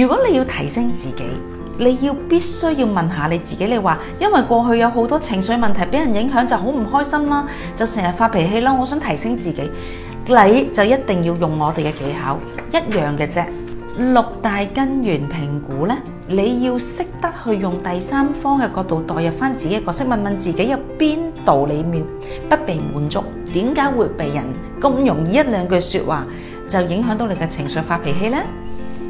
如果你要提升自己，你要必須要問下你自己，你話因為過去有好多情緒問題俾人影響，就好唔開心啦，就成日發脾氣啦。我想提升自己，你就一定要用我哋嘅技巧，一樣嘅啫。六大根源評估呢，你要識得去用第三方嘅角度代入翻自己嘅角色，問問自己有邊度裏面不被滿足，點解會被人咁容易一兩句說話就影響到你嘅情緒發脾氣呢？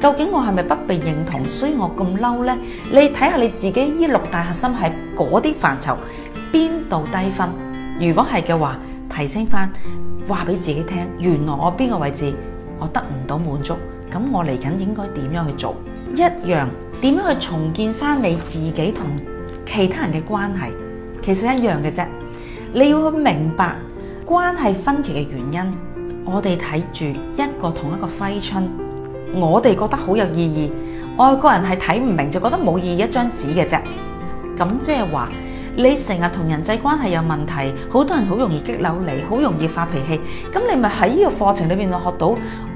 究竟我係咪不被認同，所以我咁嬲呢？你睇下你自己依六大核心喺嗰啲範疇邊度低分？如果係嘅話，提升翻，話俾自己聽，原來我邊個位置我得唔到滿足，咁我嚟緊應該點樣去做？一樣，點樣去重建翻你自己同其他人嘅關係？其實一樣嘅啫。你要去明白關係分歧嘅原因。我哋睇住一個同一個揮春。我哋覺得好有意義，外國人係睇唔明，就覺得冇意義一張紙嘅啫，咁即係話。你成日同人際關係有問題，好多人好容易激嬲，你好容易發脾氣。咁你咪喺呢個課程裏邊學到，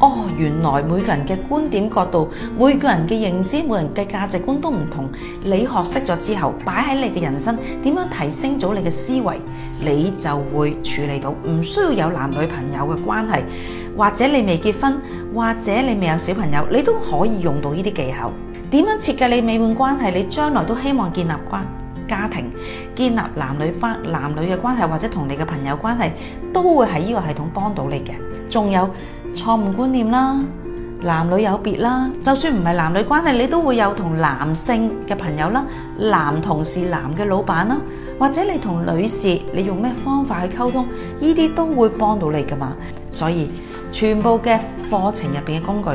哦，原來每個人嘅觀點角度，每個人嘅認知，每個人嘅價值觀都唔同。你學識咗之後，擺喺你嘅人生，點樣提升咗你嘅思維，你就會處理到，唔需要有男女朋友嘅關係，或者你未結婚，或者你未有小朋友，你都可以用到呢啲技巧。點樣設計你美滿關係？你將來都希望建立關。家庭建立男女關，男女嘅關係，或者同你嘅朋友關係，都會喺呢個系統幫到你嘅。仲有錯誤觀念啦，男女有別啦，就算唔係男女關係，你都會有同男性嘅朋友啦，男同事、男嘅老闆啦，或者你同女士，你用咩方法去溝通？呢啲都會幫到你噶嘛。所以全部嘅課程入邊嘅工具，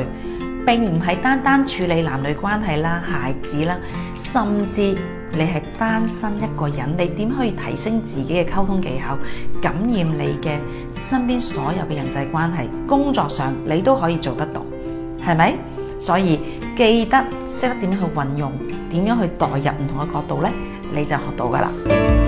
並唔係單單處理男女關係啦、孩子啦，甚至。你係單身一個人，你點可以提升自己嘅溝通技巧，感染你嘅身邊所有嘅人際關係？工作上你都可以做得到，係咪？所以記得識得點樣去運用，點樣去代入唔同嘅角度呢，你就學到㗎喇。